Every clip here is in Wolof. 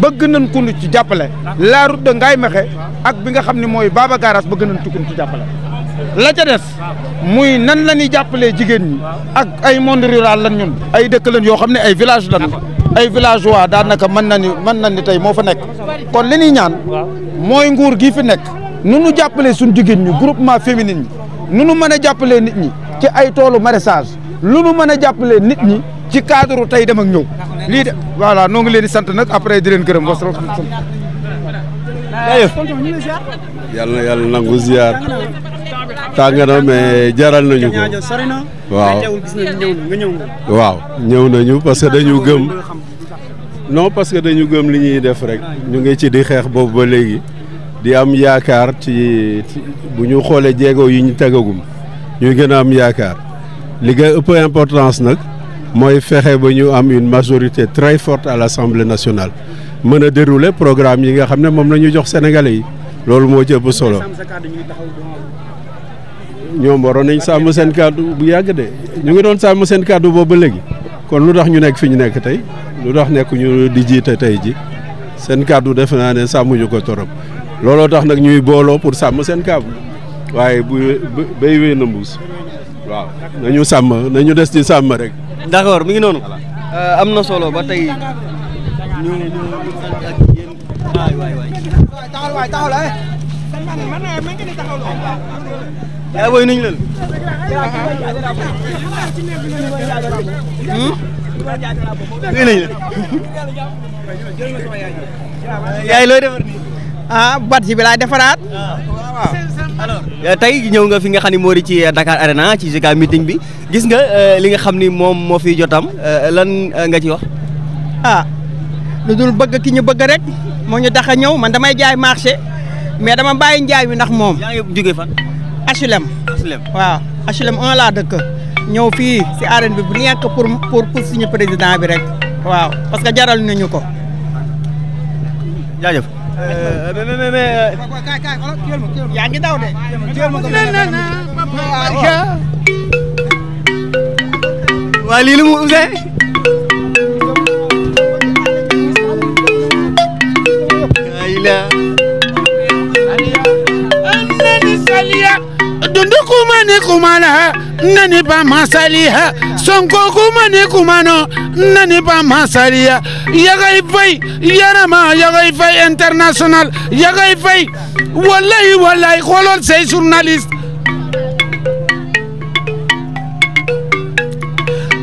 bëgg nañ ku ñu ci jàppale la route de Ngaye Mékhé ak bi nga xam ne mooy Baba Garage bëgg nañ ku ci jàppale la ca des muy nan la ñuy jàppalee jigéen ñi ak ay monde rural lan ñun ay dëkk lan yoo xam ne ay village lan ay village waa daanaka mën na ni mën na ni tey moo fa nekk kon li ñuy ñaan mooy nguur gi fi nekk nu nu jàppalee suñu jigéen ñi groupement féminin ñi nu nu mën a jàppalee nit ñi ci ay toolu maraîchage lu nu mën a jàppale nit ñi ci cadre tey dem ak ñëw lii de voilà noo ngi leen di sant nag après di leen gërëm wasalaam. yàlla na yàlla nangu ziar. tàng na mais jaral nañu ko waaw waaw ñëw nañu parce que dañu gëm non parce que dañu gëm li ñuy def rek ñu ngi ci di xeex boobu ba léegi di am yaakaar ci bu ñu xoolee jéego yi ñu tegagum ñuy gën a am yaakaar li nga ëpp importance nag mooy fexe ba ñu am une majorité très forte à l'Assemblée nationale mën a dérouler programme yi nga xam ne moom la ñu jox sénégalais yi loolu moo ci ëpp solo ñoom waroon nañ sàmm seen kàddu bu yàgg de ñu ngi doon sàmm seen kàddu boobu ba léegi kon lu tax ñu nekk fi ñu nekk tey lu tax nekk di jiite tey ji seen kàddu defe naa ne sàmmuñu ko torop looloo tax nag ñuy booloo pour sàmm seen kàddu waaye bu bay wéy waaw nañu sàmm nañu des ci sàmm rek. d' accord mi ngi noonu. Euh, am na solo ba tey ñu ñu sant ak yéen. waay waay waay. taxawal waay taxawal waay. yaa booy nuñ leen. Hmm? nuyu nañ la. yaay looy defar nii. ah bat si bi laay defaraat. waaw. Ah. alors euh, tey ñëw nga fi nga xam ne moo di ci Dakar Arena ci JK meeting bi gis nga euh, li nga xam ni moom moo fi jotam euh, lan nga ci wax. a ah, lu dul bëgg ki ñu bëgg rek moo ñu tax a ñëw man damay jaay marché mais dama bàyyi njaay wi ndax moom. yaa ngi jóge fan. HLM. HLM waaw HLM 1 laa dëkk. ñëw fii si arène bi bu nekk pour pour pour suñu président bi rek. waaw parce que jaral nañu ko. jaajëf. yaa ngi daw de. waa lii lu mu Ouzin. nani saliya dundu kuma ni kuma la nani ba ma saliya sonko kumani kumano nani ba masariya yagay fay yarama yagay fay international yagay fay wallahi wallahi xoolal say journaliste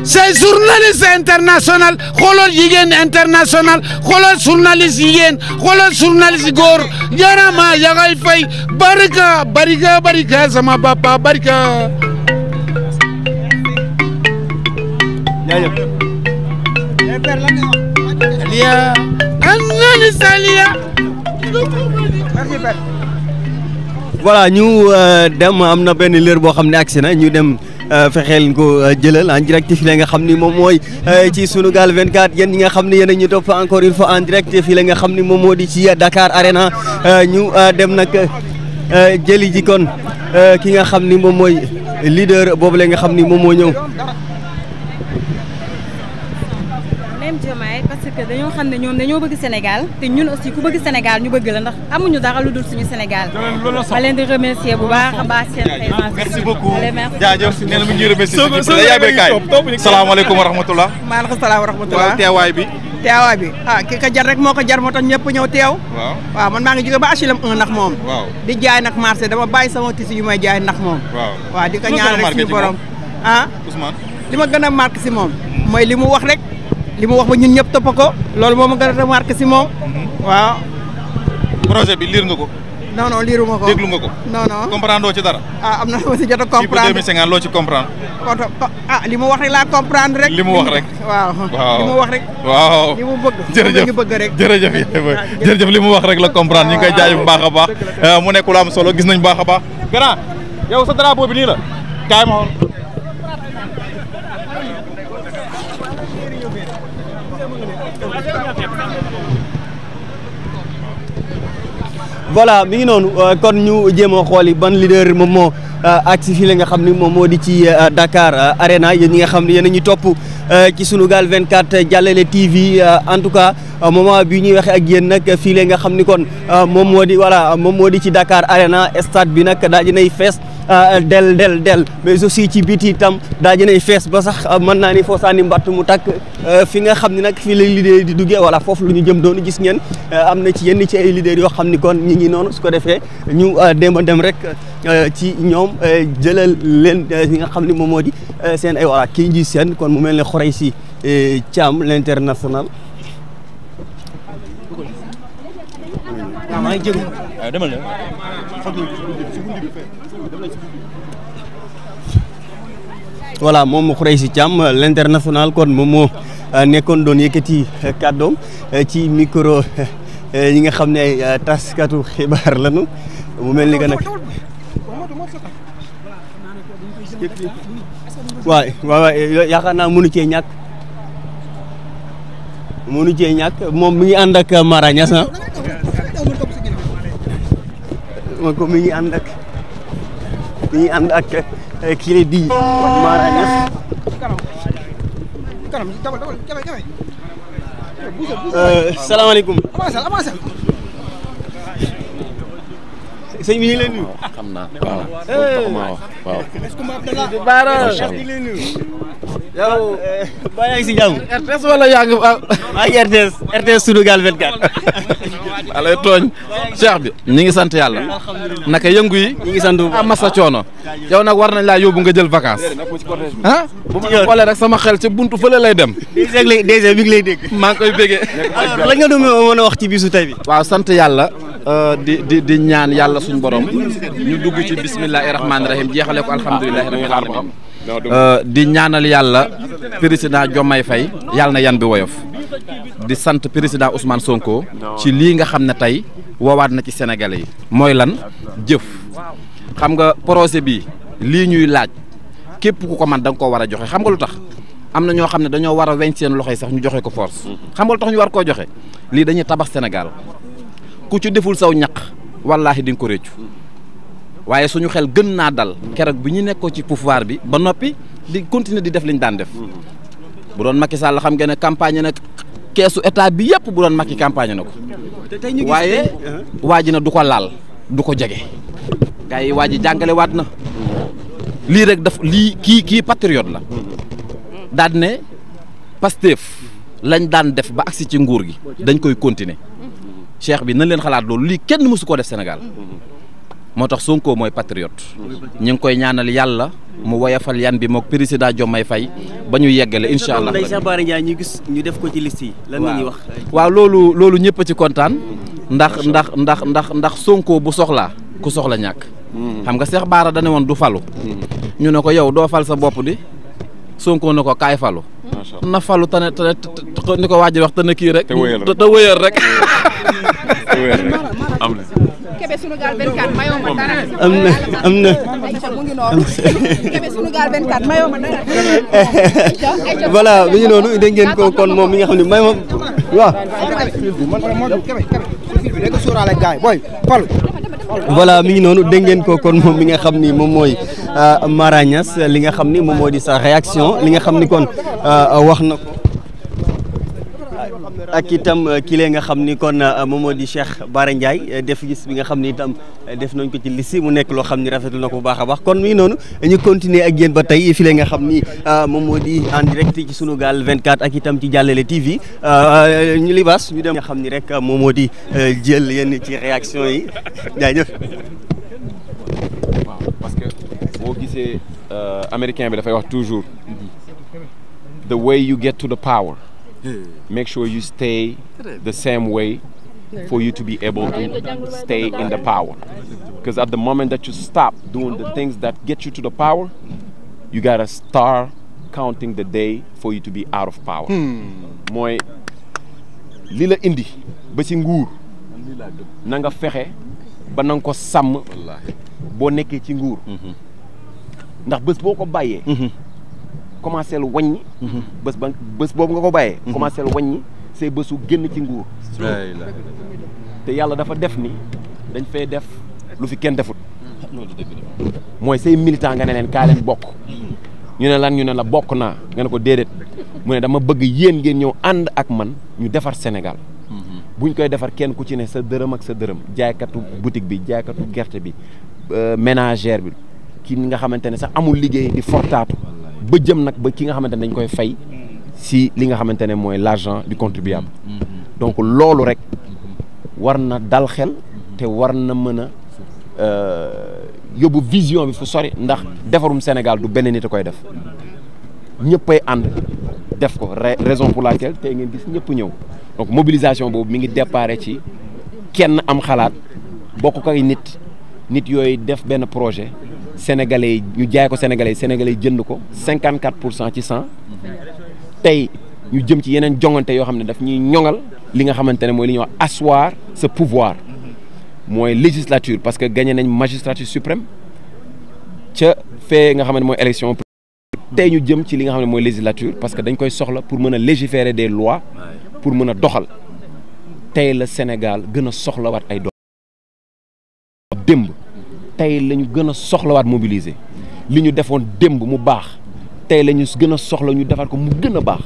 say journaliste international xoolal jigéen international xoolal journaliste jigéen xoolal journaliste góor yarama yagay fay barika barika barika sama papa barika jaajëf ñu euh, dem am na benn leer boo xam ne agsi na ñu dem euh, fexeel ko euh, jëlal en direct fii nga xam ni moom mooy ci Sunugal 24 yéen ñi nga xam ni yéen ñu topp encore une fois en direct fii nga xam ni moom moo di ci Dakar Arena ñu dem nag jëli ji kon ki nga xam ni moom mooy leader boobu la nga xam ni moom moo ñëw même Diomaye parce que dañoo xam ne ñoom dañoo bëgg Sénégal te ñun aussi ku bëgg Sénégal ñu bëgg la ndax amuñu dara lu dul suñu Sénégal. ma leen di remercier bu baax a baax seen présence. merci beaucoup jaajëf nee na kaay salaamaaleykum wa rahmatulah. maaleykum salaam wa rahmatulah teewaay bi. teewaay bi ah ki ko jar rek moo ko jar moo tax ñëpp ñëw teew. waaw man maa ngi jóge ba HLM 1 ndax moom. di jaay nag marché dama bàyyi sama tissu yu may jaay ndax moom. waaw di ko ñaan ah? a rek li mu wax ba ñun ñëpp topp ko loolu moom a nga remarqué si moom. Mhm. waaw. projet bi liir nga ko. non non liiru ma ko déglu nga ko. non non comprendre doo ci dara. Ah, am na loo si jot a loo ci comprendre. Ah, li mu wax rek laa comprendre rek. li mu wax rek waaw. waaw li mu wax rek. waaw li mu bëgg. li mu wax rek la comprendre ñu ngi koy jaajëf bu baax a baax. Ah, mu nekk lu am solo gis nañu baax a baax. gannaaw yow sa drapeau bi nii la kaay ma voilà mi ngi noonu euh, kon ñu jéem a xool yi ban leader moom moo euh, agsi fii nga xam ni moom moo di ci euh, Dakar Arena yéen ñi nga xam ne yéen a ñuy topp ci Sunugal 24 jàllale TV en tout cas moment bi ñuy waxe ak yéen nag fii la nga xam ni kon moom moo di voilà moom moo di ci dakaar Arena stade bi nag daal di nay fees. Ah, del del del mais aussi ci biti itam daa jinay fees ba sax ah, mën naa ni foo saani mbatt mu takk ah, fi nga xam ni nag fii la leader duggee voilà foofu lu ñu jëm doonu gis ngeen am na ci ni ci ay leader yoo xam ni kon ñi ngi noonu su ko defee ñu dem a dem rek ci ñoom jëlal leen ñi nga xam ni moom moo di seen ay voilà kii ji seen kon mu mel ne xorey si Thiam l'international maa ngi jëg demal voilà moom Khoureychi Thiam l'international kon moom moo euh, nekkoon doon yëkkati euh, kàddoom euh, ci micro ñi nga xam ne ay taskatu xibaar lañu mu mel ni que nag. waaw waaw yaakaar naa mënu cee ñàkk mënu cee ñàkk moom mi ngi ànd ak Mara Niass ah. mi ngi ànd dañuy ànd ak eh, kii lay di Mara Niass euh, salaamaaleykum sëñ bi ñu ngi lay nuyu xam naa waaw eh. waaw yow ba yaa ngi si jàmm. RTS wala yaa ngi maa ngi RTS RTS Sunugal 24. alay tooñ Cheikh bi ñi ngi sant yàlla. naka yëngu yi. ñi ngi sant bu baax masa coono. yow nag war nañ laa yóbbu nga jël vacance. ah bu ma xoolee rek sama xel ci bunt fële lay dem. dèjà lay ngi lay dégg. maa ngi koy bégee. alors lan nga doon mën a wax ci bisu tey bi. waaw sant yàlla. Euh, di di di ñaan yàlla suñu borom. ñu dugg ci bismillahi rahmaani rahim jeexale ko alhamdulilahi rabbil alamin Euh, di ñaanal yàlla président Diomaye fay yàlla na yan bi woyof di sant président Ousmane Sonko ci lii nga xam ne tey woowaat na ci senegal yi mooy lan jëf xam nga projet bi lii ñuy laaj képp ku ko man da nga koo war a joxe xam nga lu tax am na ñoo xam ne dañoo war a weñ seen loxo yi sax ñu joxe ko force xam nga lu tax ñu war koo joxe lii dañuy tabax Sénégal ku ci deful saw ñaq wallaahi di nga ko réccu waaye suñu xel gën naa dal keroog bi ñu nekkoo ci pouvoir bi ba noppi di continuer di def lañu daan def mm-hmm. bu doon Macky Sall xam nga ne campagne nag keesu état bi yëpp bu doon Macky campagne na ko waaye waa ji na du ko laal du ko jege gars yi waa ji jàngale waat na lii rek daf lii kii kii patriote la mm-hmm. daan ne Pastef lañ daan def ba agsi ci nguur gi dañ koy continuer mm-hmm. cheikh bi nañ leen xalaat loolu lii kenn mësu koo def Sénégal moo tax Sonko mooy patriote ñu ngi koy ñaanal yàlla mu woyafal yan bi mook président Diomaye fay ba ñu yeggale incha allah Ndeye Cheikh Bara gis ñu def ko ci la ñuy wax waaw loolu loolu ñëpp ci kontaan ndax ndax ndax ndax ndax Sonko bu soxlaa ku soxla ñàkk hmm. xam nga Cheikh Bara dane woon du falu hmm. ñu ne ko yow doo fal sa bopp di Sonko na ko kaay falu. na falu te ne te ne ni ko waaj wax te kii rek. te wëyal rek te am na. Kébé Sunugal 24 mayoo ma dara. am mi nga xam ne may ma waaw. voilà mi ngi noonu dégg ngeen ko kon moom mi nga xam ni moom mooy. Euh, Mara Niass li nga xam ni moom moo di sa réaction li nga xam ni kon euh, wax na ko ak itam euh, kile nga xam ni kon moom di Cheikh Bara Ndiaye def gis bi nga xam ni itam def nañ ko ci lissi mu nekk loo xam ni rafetlu na ko bu baax a baax kon mi noonu ñu continuer ak yéen ba tey file nga xam ni moom moo di en direct ci vingt 24 ak itam ci Jàllale TV ñu libaas ñu dem nga xam ni rek moom moo di jël yenn ci réaction yi jaajëf gisee euh, américain bi dafay wax toujours the way yu get to the power hmm. make sure you stay the same way for you to be able to stay in the power because at the moment that you stop doing the things that get you to the power you gotta start counting the day for you to be out of power hmm. mooy li indi ba nguur na nga fexe ba na ko sàmm boo nekkee ci nguur mm-hmm. ndax bés boo ko bàyyee. Mhm. commencé lu wàññi. Mhm. bés ba bés boobu nga ko bàyyee. Mhm. commencé lu wàññi say bésu génn ci nguur. te yàlla dafa def ni dañ fay def lu fi kenn defut. Ah, mooy sey militant nga ne leen kaa bokk. Mm. ñu ne lan ñu ne la bokk naa nga ne ko déedéet mu ne dama bëgg yéen ngeen ñëw ànd ak man ñu defar Sénégal. buñ koy defar kenn ku ci ne sa dërëm ak sa dërëm jaaykatu boutique bi jaaykatu gerte bi euh, ménagère bi. ki nga xamante ne sax amul liggéey di fortaatu ba jëm nag ba ki nga xamante ne dañ koy fay si li nga xamante ne mooy l'argent du contribuable donc loolu rek war na dal xel te war na mën a euh, yóbbu vision bi fu sori ndax defarum Sénégal du benn nit a koy def ñëppay ànd def ko raison pour laquelle tey ngeen gis ñëpp ñëw donc mobilisation boobu mi ngi déparé ci kenn am xalaat bokk koy nit nit yooyu def benn projet sénégalais yi ñu jaay ko sénégalais yi jënd ko cinquante quatre pour cent ci cent tey ñu jëm ci yeneen joŋante yoo xam ne daf ñuy ñoŋal li nga xamante ne mooy li ñuy wax asseoir ce pouvoir mooy législature parce que gagné nañ magistrature suprême ca fee nga xam ne mooy élection tey ñu jëm ci li nga xam ne mooy législature parce que dañ koy soxla pour mën a légiférer des lois pour mën a doxal tey la Sénégal gën a soxlawaat ay dox démb tey la ñu gën a soxlawaat mobiliser li ñu defoon démb mu baax tey lañu gën a soxla ñu defaat ko mu gën a baax